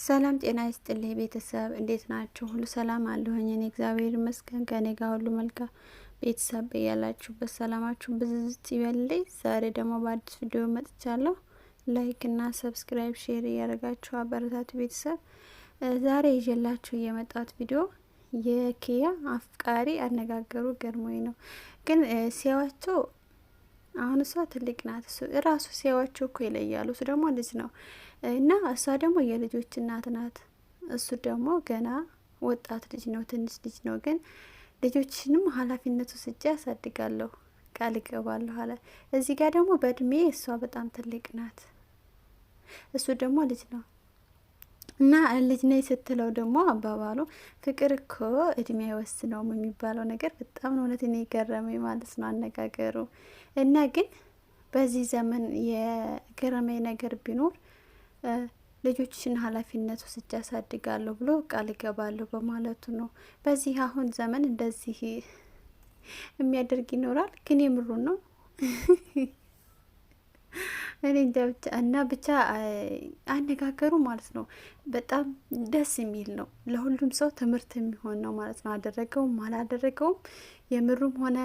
ሰላም ጤና ይስጥልኝ ቤተሰብ እንዴት ናችሁ? ሁሉ ሰላም አለሁኝ እኔ እግዚአብሔር ይመስገን ከኔ ጋር ሁሉ መልካም። ቤተሰብ እያላችሁበት ሰላማችሁን ብዝዝት ይበልልኝ። ዛሬ ደግሞ በአዲስ ቪዲዮ መጥቻለሁ። ላይክ እና ሰብስክራይብ ሼር እያደረጋችሁ አበረታቱ ቤተሰብ። ዛሬ ይዤላችሁ የመጣሁት ቪዲዮ የኪያ አፍቃሪ አነጋገሩ ገርሞኝ ነው። ግን ሲያዋቸው አሁን እሷ ትልቅ ናት። ራሱ ሲያዋቸው እኮ ይለያሉ። እሱ ደግሞ ልጅ ነው እና እሷ ደግሞ የልጆች እናት ናት። እሱ ደግሞ ገና ወጣት ልጅ ነው፣ ትንሽ ልጅ ነው። ግን ልጆችንም ኃላፊነቱ ስጭ ያሳድጋለሁ ቃል ይገባለሁ አለ። እዚህ ጋር ደግሞ በእድሜ እሷ በጣም ትልቅ ናት፣ እሱ ደግሞ ልጅ ነው እና ልጅ ነኝ ስትለው ደግሞ አባባሉ ፍቅር እኮ እድሜ አይወስነውም የሚባለው ነገር በጣም ነው እውነት እኔ ገረመኝ ማለት ነው አነጋገሩ። እና ግን በዚህ ዘመን የገረመኝ ነገር ቢኖር ልጆችን ኃላፊነት ወስጄ ያሳድጋለሁ ብሎ ቃል ይገባለሁ በማለቱ ነው። በዚህ አሁን ዘመን እንደዚህ የሚያደርግ ይኖራል። ግን የምሩ ነው። እኔ እንጃ ብቻ እና ብቻ አነጋገሩ ማለት ነው በጣም ደስ የሚል ነው። ለሁሉም ሰው ትምህርት የሚሆን ነው ማለት ነው። አደረገውም አላደረገውም የምሩም ሆነ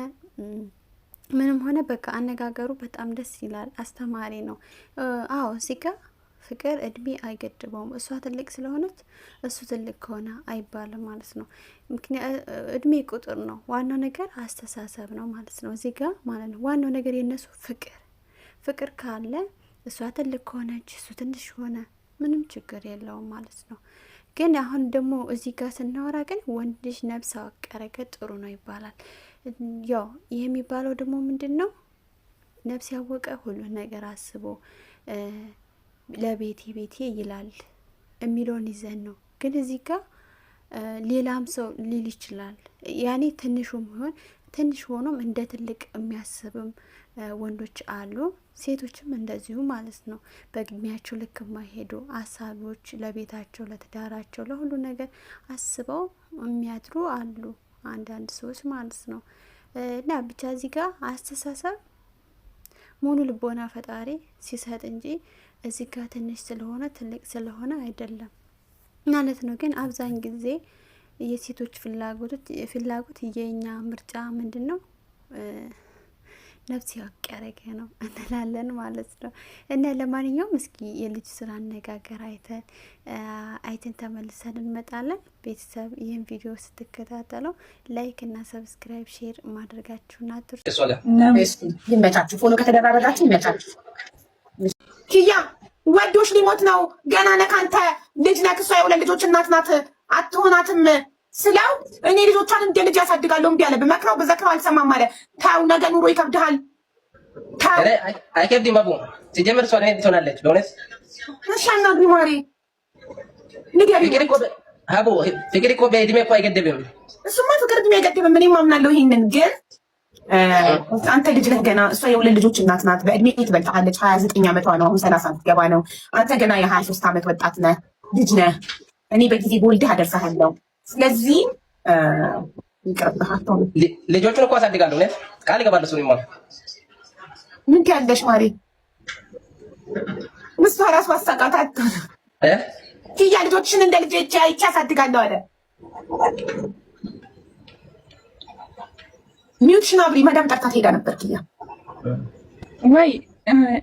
ምንም ሆነ በቃ አነጋገሩ በጣም ደስ ይላል። አስተማሪ ነው። አዎ ሲጋ ፍቅር እድሜ አይገድበውም። እሷ ትልቅ ስለሆነች እሱ ትልቅ ከሆነ አይባልም ማለት ነው። ምክንያት እድሜ ቁጥር ነው። ዋናው ነገር አስተሳሰብ ነው ማለት ነው። እዚህ ጋር ማለት ነው ዋናው ነገር የእነሱ ፍቅር ፍቅር ካለ እሷ ትልቅ ከሆነች እሱ ትንሽ ሆነ ምንም ችግር የለውም ማለት ነው። ግን አሁን ደግሞ እዚህ ጋር ስናወራ ግን ወንድ ነብስ አወቀረገ ጥሩ ነው ይባላል። ያው ይህ የሚባለው ደግሞ ምንድን ነው? ነብስ ያወቀ ሁሉን ነገር አስቦ ለቤቴ ቤቴ ይላል የሚለውን ይዘን ነው። ግን እዚህ ጋር ሌላም ሰው ሊል ይችላል። ያኔ ትንሹም ሆን ትንሽ ሆኖም እንደ ትልቅ የሚያስብም ወንዶች አሉ፣ ሴቶችም እንደዚሁ ማለት ነው። በእድሜያቸው ልክ የማይሄዱ አሳቢዎች፣ ለቤታቸው፣ ለትዳራቸው፣ ለሁሉ ነገር አስበው የሚያድሩ አሉ፣ አንዳንድ ሰዎች ማለት ነው። እና ብቻ እዚህ ጋር አስተሳሰብ ሙሉ ልቦና ፈጣሪ ሲሰጥ እንጂ እዚህ ጋር ትንሽ ስለሆነ ትልቅ ስለሆነ አይደለም ማለት ነው። ግን አብዛኝ ጊዜ የሴቶች ፍላጎት የኛ ምርጫ ምንድን ነው? ነፍስ ያወቅ ያደረገ ነው እንላለን ማለት ነው። እና ለማንኛውም እስኪ የልጅ ስራ አነጋገር አይተን አይተን ተመልሰን እንመጣለን። ቤተሰብ ይህን ቪዲዮ ስትከታተለው ላይክ እና ሰብስክራይብ ሼር ማድረጋችሁን አትርሱ። ይመቻችሁ፣ ፎሎ ከተደራረጋችሁ ይመቻችሁ። ኪያ ወዶች ሊሞት ነው ገና ነካንተ ልጅ ነክሷ የሁለት ልጆች እናት ናት፣ አትሆናትም ስለው እኔ ልጆቿን እንደ ልጅ ያሳድጋለሁ እምቢ አለ። በመክረው በዘክረው አልሰማም አለ። ታው ነገ ኑሮ ይከብድሃል። አይከብድም አቡ ሲጀምር እሷ እኔ ትሆናለች። በእውነት እሺ፣ አናግሪው ማሪ ንገሪው። አቡ ፍቅር እኮ በእድሜ እኮ አይገደብም። እሱማ ፍቅር እድሜ አይገደብም። እኔም አምናለሁ ይሄንን። ግን አንተ ልጅ ነህ ገና። እሷ የሁለት ልጆች እናት ናት። በእድሜ ትበልጥሃለች። ሀያ ዘጠኝ ዓመቷ ነው። አሁን ሰላሳ ትገባ ነው። አንተ ገና የሀያ ሶስት ዓመት ወጣት ነህ፣ ልጅ ነህ። እኔ በጊዜ በወልድህ አደርሰሃለሁ። ስለዚህም ልጆቹን እኮ አሳድጋለሁ ለት ቃል ይገባለሱ ሆ ምን ያለሽ ማሪ ምስቷ ራሱ አሳቃታት ኪያ ልጆችሽን እንደ ልጅ እጅ አይቼ አሳድጋለሁ አለ። አብሪ መዳም ጠርታት ሄዳ ነበር ወይ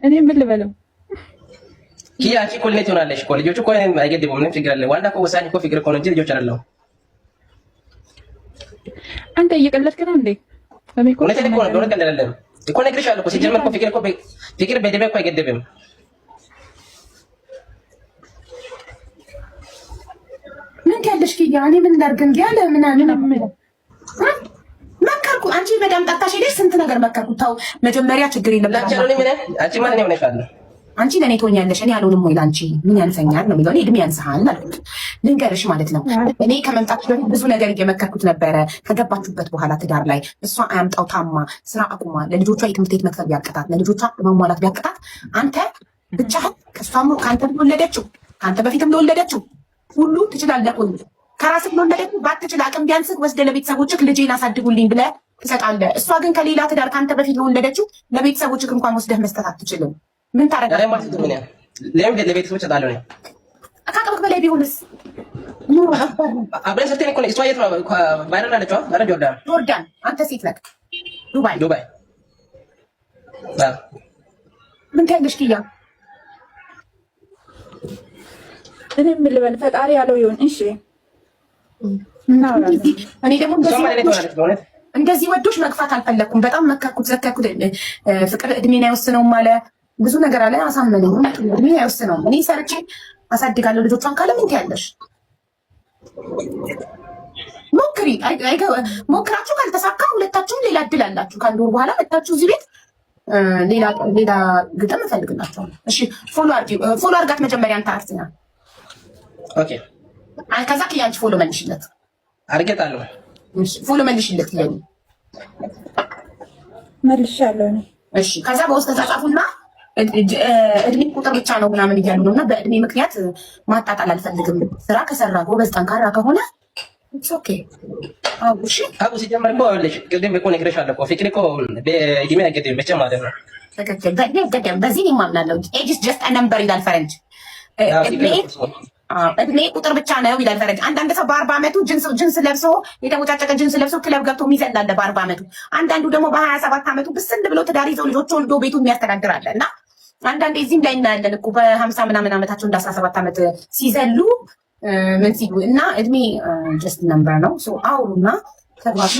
እኔ ምን ልበለው ኪያ ይሆናለሽ እኮ እኮ አይገድቡም ምንም ችግር አለ ዋና እኮ ወሳኝ እኮ ፍቅር እኮ ነው እንጂ ልጆች አይደለሁም አንተ እየቀለድክ ነው እንዴ? እኮ ፍቅር እኮ አይገደብም። ምን ትያለሽ ኪያ? እኔ ምን ላድርግ ምናምን መከርኩ። አንቺ በጣም ጠጣሽ ሄደሽ ስንት ነገር መከርኩ። ተው መጀመሪያ ችግር የለም። አንቺ ለእኔ ትሆኛለሽ፣ እኔ አልሆንም ወይ ለአንቺ ምን ያንሰኛል ነው የሚለው። እድሜ ያንስሃል አልኩት ልንገርሽ ማለት ነው እኔ ከመምጣት በፊት ብዙ ነገር እየመከርኩት ነበረ። ከገባችሁበት በኋላ ትዳር ላይ እሷ አያምጣው ታማ ስራ አቁማ ለልጆቿ የትምህርት ቤት መክፈል ቢያቅታት፣ ለልጆቿ መሟላት ቢያቅታት፣ አንተ ብቻህን ከእሷም ከአንተ ለወለደችው ከአንተ በፊትም ለወለደችው ሁሉ ትችላለህ። ከራስህ ለወለደችው ባትችል አቅም ቢያንስህ ወስደህ ለቤተሰቦችህ ልጄን አሳድጉልኝ ብለህ ትሰጣለህ። እሷ ግን ከሌላ ትዳር ከአንተ በፊት ለወለደችው ለቤተሰቦችህ እንኳን ወስደህ መስጠት አትችልም። ምን ታረጋለህ? ለቤተሰቦች እሰጣለሁ እኔ ከአቅምህ በላይ ቢሆንስ አብረን ሰርተን እኮ እሷ የት ጆርዳን ጆርዳን። አንተ ሴት ነህ። ዱባይ ዱባይ። ምን ታያለሽ? ኪያ እኔ ምን ልበል? ፈጣሪ ያለው ይሁን። እሺ እኔ ደግሞ እንደዚህ ወዶች መግፋት አልፈለኩም። በጣም መከርኩት፣ ዘከርኩት። ፍቅር እድሜን አይወስነውም አለ ብዙ ነገር አለ። አሳመነው። እድሜን አይወስነውም። እኔ ሰርቼ አሳድጋለሁ ልጆቿን ካለ ምን ትያለሽ? ሞክሪ። ሞክራችሁ ካልተሳካ ሁለታችሁም ሌላ እድል አላችሁ። ከአንድ ወር በኋላ መታችሁ እዚህ ቤት ሌላ ግጥም እፈልግላችኋለሁ። እሺ፣ ፎሎ አርጋት መጀመሪያ አንተ ኦኬ፣ ከዛ ክያንች ፎሎ መልሽለት አድርጌታለሁ። ፎሎ መልሽለት መልሻለሁ። እሺ፣ ከዛ በውስጥ ተጻጻፉና እድሜ ቁጥር ብቻ ነው ምናምን እያሉ ነው። እና በእድሜ ምክንያት ማጣጣል አልፈልግም። ስራ ከሰራ ጎበዝ፣ ጠንካራ ከሆነ ሲጀመር በዚህ ማምናለው። ኤጅ ጀስት ነምበር ይላል ፈረንጅ። እድሜ ቁጥር ብቻ ነው ይላል ፈረንጅ። አንዳንድ ሰው በአርባ ዓመቱ ጅንስ ለብሶ የተቦጫጨቀ ጅንስ ለብሶ ክለብ ገብቶ የሚዘላለ በአርባ ዓመቱ። አንዳንዱ ደግሞ በሀያ ሰባት ዓመቱ ብስል ብሎ ትዳር ይዘው ልጆች ወልዶ ቤቱ የሚያስተዳድር አለ እና አንዳንድ እዚህም ላይ እናያለን እኮ በሀምሳ ምናምን ዓመታቸው እንደ አስራ ሰባት ዓመት ሲዘሉ ምን ሲሉ እና እድሜ ጀስት ነምበር ነው። አውሩና ተግባቢ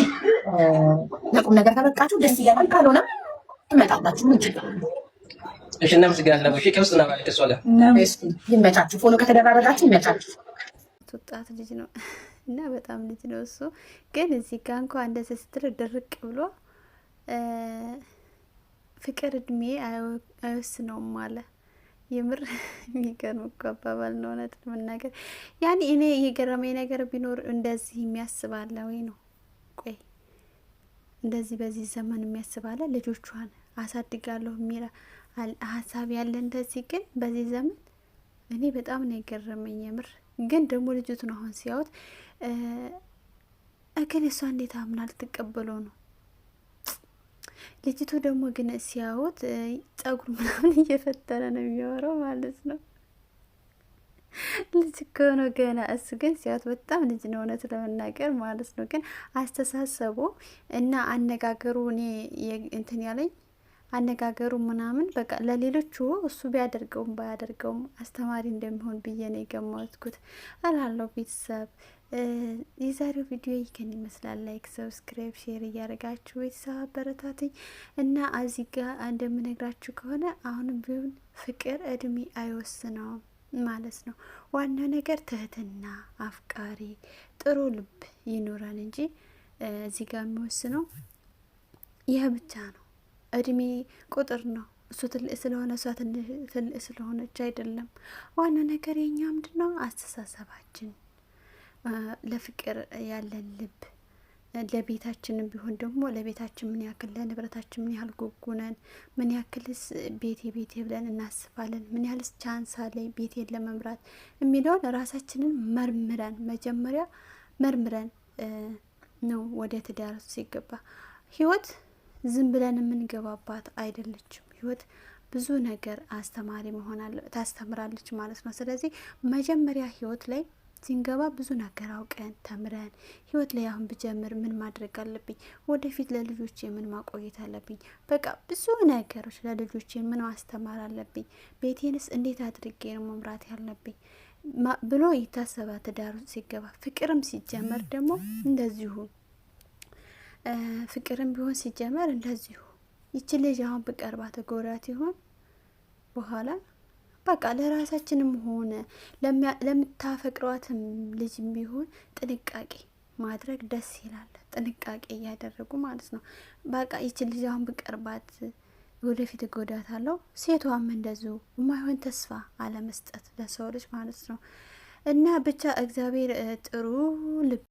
ለቁም ነገር ከበቃችሁ ደስ ይገባል። ካልሆነ ትመጣላችሁ። ምን ችግር ይመቻችሁ። ፎሎ ከተደራረጋችሁ ይመቻችሁ። ወጣት ልጅ ነው እና በጣም ልጅ ነው እሱ። ግን እዚህ ጋ እንኳ እንደዚህ ስትል ድርቅ ብሎ ፍቅር እድሜ አይወስነውም አለ። የምር የሚገርም እኮ አባባል ነው። እውነት ለመናገር ያኔ እኔ የገረመኝ ነገር ቢኖር እንደዚህ የሚያስባለ ወይ ነው። ቆይ እንደዚህ በዚህ ዘመን የሚያስባለ ልጆቿን አሳድጋለሁ የሚል ሀሳብ ያለ እንደዚህ ግን በዚህ ዘመን እኔ በጣም ነው የገረመኝ የምር። ግን ደግሞ ልጅቱን አሁን ሲያዩት እግን እሷ እንዴት አምና ልትቀበለው ነው ልጅቱ ደግሞ ግን ሲያዩት ጸጉር ምናምን እየፈጠረ ነው የሚያወራው ማለት ነው። ልጅ ከሆነ ገና እሱ ግን ሲያዩት በጣም ልጅ ነው እውነት ለመናገር ማለት ነው። ግን አስተሳሰቡ እና አነጋገሩ እኔ እንትን ያለኝ አነጋገሩ ምናምን በቃ ለሌሎቹ እሱ ቢያደርገውም ባያደርገውም አስተማሪ እንደሚሆን ብዬ ነው የገመትኩት። አላለው ቤተሰብ የዛሬው ቪዲዮ ይህን ይመስላል። ላይክ፣ ሰብስክራይብ፣ ሼር እያደረጋችሁ ቤተሰብ አበረታትኝ እና እዚህ ጋር እንደምነግራችሁ ከሆነ አሁንም ቢሆን ፍቅር እድሜ አይወስነውም ማለት ነው። ዋናው ነገር ትህትና፣ አፍቃሪ፣ ጥሩ ልብ ይኖራል እንጂ እዚህ ጋር የሚወስነው ይህ ብቻ ነው። እድሜ ቁጥር ነው። እሱ ትልቅ ስለሆነ እሷ ትልቅ ስለሆነች አይደለም። ዋና ነገር የኛ ምንድን ነው? አስተሳሰባችን፣ ለፍቅር ያለን ልብ፣ ለቤታችንም ቢሆን ደግሞ ለቤታችን ምን ያክል ለንብረታችን ምን ያህል ጉጉነን፣ ምን ያክልስ ቤቴ ቤቴ ብለን እናስባለን፣ ምን ያህልስ ቻንስ አለኝ ቤቴን ለመምራት የሚለውን ራሳችንን መርምረን መጀመሪያ መርምረን ነው ወደ ትዳር ሲገባ ህይወት ዝም ብለን የምንገባባት አይደለችም ህይወት ብዙ ነገር አስተማሪ መሆናለ ታስተምራለች ማለት ነው። ስለዚህ መጀመሪያ ህይወት ላይ ሲንገባ ብዙ ነገር አውቀን ተምረን ህይወት ላይ አሁን ብጀምር ምን ማድረግ አለብኝ፣ ወደፊት ለልጆቼ ምን ማቆየት አለብኝ፣ በቃ ብዙ ነገሮች ለልጆቼ ምን ማስተማር አለብኝ፣ ቤቴንስ እንዴት አድርጌ ነው መምራት ያለብኝ ብሎ ይታሰባ። ትዳሩ ሲገባ ፍቅርም ሲጀመር ደግሞ እንደዚሁ ፍቅርም ቢሆን ሲጀመር እንደዚሁ ይቺ ልጅ አሁን ብቀርባት ጎዳት ይሆን በኋላ በቃ ለራሳችንም ሆነ ለምታፈቅሯትም ልጅም ቢሆን ጥንቃቄ ማድረግ ደስ ይላል። ጥንቃቄ እያደረጉ ማለት ነው። በቃ ይቺ ልጅ አሁን ብቀርባት ወደፊት ጎዳት አለው። ሴቷም እንደዚሁ የማይሆን ተስፋ አለመስጠት ለሰው ልጅ ማለት ነው እና ብቻ እግዚአብሔር ጥሩ ልብ